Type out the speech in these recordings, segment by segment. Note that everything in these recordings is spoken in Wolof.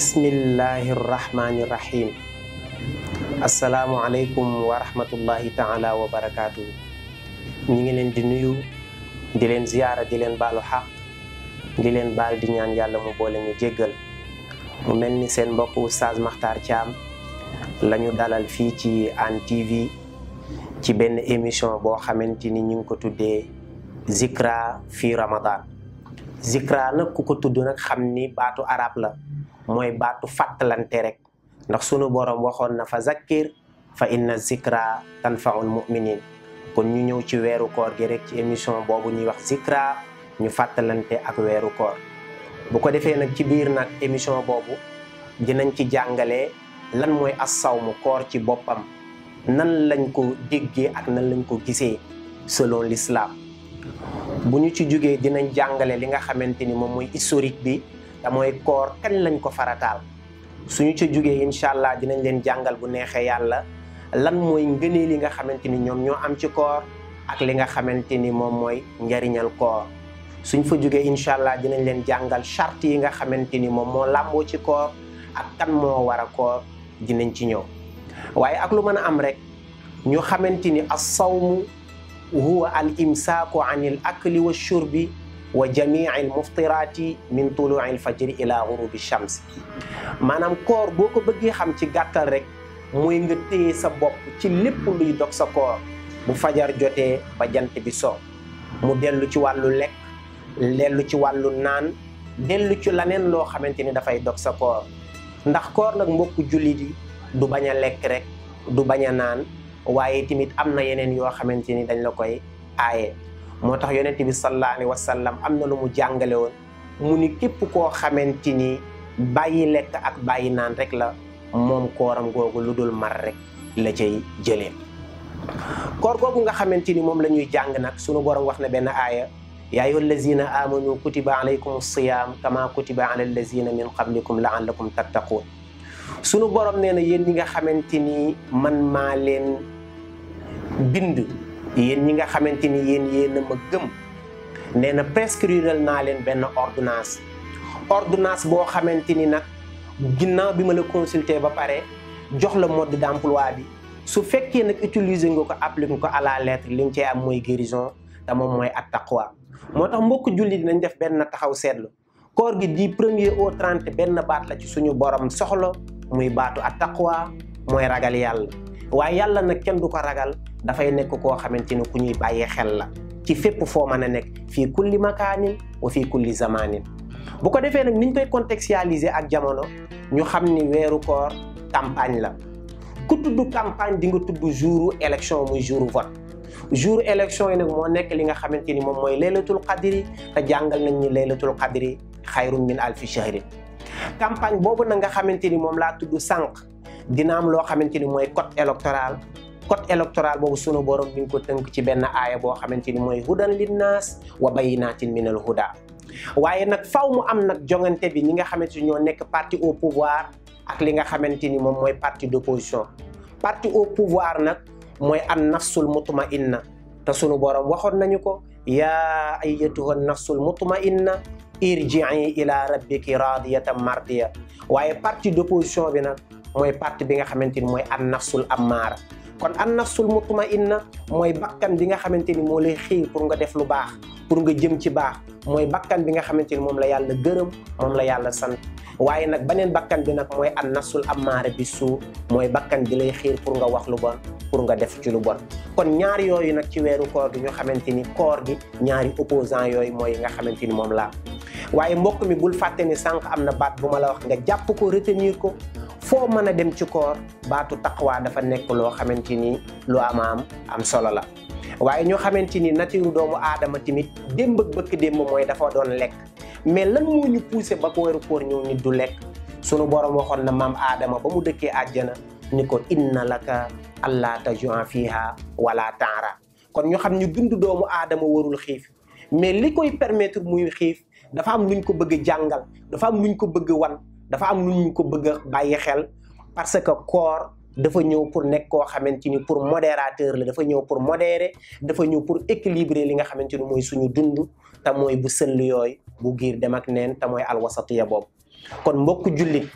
bismillahirrahmanirrahim Assalamualaikum warahmatullahi taala wa barakatuhu ñi ngi leen di nuyu di len ziyara, di len balu haq, di len bal di ñaan yàlla mu boole ñu jéggal mu mel ni seen mbokk oustaz Makhtar thiam lañu dalal fi ci an tv ci benn émission boo xamante ni ko zikra fi ramadan zikra nak kuko tuddu nak xamni baatu arab la mooy baatu fàttalante rek ndax sunu borom waxoon na fa zakkir fa inna zikra tanfaul muminin kon ñu ñëw ci weeru koor gi rek ci émission boobu ñuy wax zikra ñu fàttalante ak weeru koor bu ko defee nag ci biir nag émission boobu dinañ ci jàngale lan mooy mu koor ci boppam nan lañ ko déggee ak nan lañ ko gisee selon lislaam bu ñu ci jógee dinañ jàngale li nga xamante ni moom mooy historique bi te moy koor kañ lañ ko faratal suñu ci jugee inshallah dinañ leen jangal bu nexé yalla lan moy ngënee li nga xamanteni ñom ño am ci koor ak li nga xamanteni mom moy mooy njariñal koor suñ fa jugee inshallah dinañ leen jangal charte yi nga xamanteni mom mo lambo ci koor ak kan mo wara koor dinañ ci ñew waye ak lu mëna am rek ñu xamanteni as sawmu huwa al imsaku anil akli wash shurbi wa jami'il muftirati min tulu'il fajri ila ghurubi shams manam koor boko beugé xam ci gattal rek muy nga téy sa bop ci lepp luy dox sa koor bu fajar jotee ba jant bi so mu delu ci walu lek lelu ci walu nan delu ci lanen lo xamanteni da fay dox sa koor ndax koor nag mbokku jullit du baña lek rek du baña nan waye timit amna yenen yo xamanteni dañ la koy ayé motax tax yonent bi sallallahu alayhi wasallam amna lu mu jàngale won mu ni kep ko xamanteni bàyyi lek ak bàyyi nan rek la mom koram googu ludul mar rek la cey jele kor googu nga xamanteni mom lañuy jàng nak sunu borom waxna ben aya ya ayyul ladzina amanu kutiba alaykum as siyam kama kutiba alal ladzina min qablikum laallakum tattaqun sunu borom neena na yéen ñi nga xamanteni man ma len bind yeen ñi nga xamanteni yeen yéen ma gëm nee na prescriral na leen benn ordonnance ordonnance bo xamanteni nak ginnaw bima la consulter ba pare jox la mode d'emploi bi su fekke nak utiliser nga ko ko à la lettre li ci am moy guérison mom moy at taqwa motax mbokk julli dinañ def ben taxaw koor gi di premier au 30 ben baat la ci suñu borom soxlo muy baatu at taqwa moy ragal yalla waye yalla nak kenn du ragal da fay nek ko xamanteni ku ñuy baye xel la ci fépp fo meuna nek fi kulli makaanin wa fi kulli zamaanin bu ko defé nak niñ koy contextualiser ak jamono ñu xamni wéru weeru koor campagne la ku tuddu campagne di nga tuddu jouru élection muy jouru vote jour élection nak mo nek li nga xamanteni mom moy laylatul qadr ta jàngal nañ ni laylatul qadr khairun min alf shahr campagne bobu nag nga xamanteni mom la tuddu sank sànq dina am loo xamante ni code électoral code electoral bobu sunu borom ñu ko teunk ci ben aya bo xamanteni moy mooy hudan linnaas wa bayinatin min al huda waye nak faw mu am nak jongante bi ñi nga xamanteni ni ñoo nekk parti au pouvoir ak li nga xamanteni mom moy parti d'opposition parti au pouvoir nak moy an nafsul mutmainna ta sunu borom waxon nañu ko ya ayyatuha nafsul mutmainna irji'i ila rabbiki radiyatan mardiya waye parti d'opposition bi nak moy parti bi nga xamanteni moy an nafsul ammar kon an nafsul mutmainna moy bakkan bi nga xamanteni mo lay xey pour nga def lu bax pour nga jëm ci bax moy bakkan bi nga xamanteni mom la yalla gëreum mom la yalla sant waye nak banen bakkan bi nak moy an nafsul amara bisu moy bakkan bi lay xey pour nga wax lu bon pour nga def ci lu bon kon ñaar yoy nak ci weeru koor gi ñu xamanteni koor gi ñaari opposant yoy moy nga xamanteni mom la waye mbokk mi bul fàtte ni sànq baat buma la wax nga japp ko retenir ko foo mën a dem ci koor baatu taqwa dafa nekk loo xamante ni lu am am am solo la waaye ñoo xamante ni natiru doomu aadama tamit démb ak bëkk démb mooy dafa doon lekk mais lan mu ñu poussé ba ko weeru koor ñëw nit du lekk sunu boroom waxoon na maam aadama ba mu dëkkee àjjana ni ko inna laka allah tajua fiha wala taara kon ñu xam ñu dund doomu aadama warul xiif mais li koy permettre muy xiif dafa am luñ ko bëgg jàngal dafa am luñ ko bëgg wan dafa am lu ñu ko bëgg a bàyyi xel parce que koor dafa ñëw pour nekk koo xamante ni pour modérateur la dafa ñëw pour modérer dafa ñëw pour équilibrer li nga xamante ni mooy suñu dund te mooy bu sëll yooy bu giir dem neen te mooy alwasatiya boobu kon mbokk jullit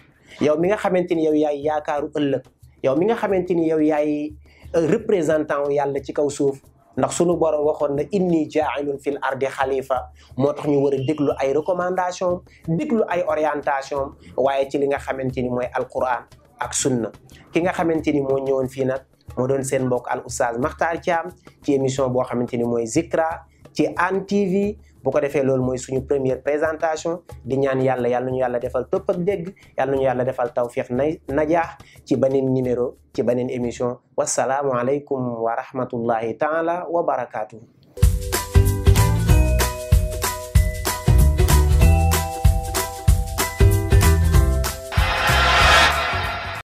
yow mi nga xamante ni yow yaay yaakaaru ëllëg yow mi nga xamante ni yow yaay euh, représentant yàlla ci kaw suuf ndax sunu borom waxon na inni ja'ilun fil ardi khalifa motax ñu wara déglu ay recommandation déglu ay orientation waye ci li nga xamanteni moy alquran ak sunna ki nga xamanteni mo ñewon fi nak mo doon seen mbokk al oustaz Makhtar tiam ci émission bo xamanteni moy Zikra ci Hann TV bu ko defee loolu mooy suñu première présentation di ñaan yàlla yàlla ñu yàlla defal topp ak dégg yàlla ñu yàlla defal tawfiq na najaax ci beneen numéro ci beneen émission wasalaamualeykum wa rahmatullahi taala wa barakaatu.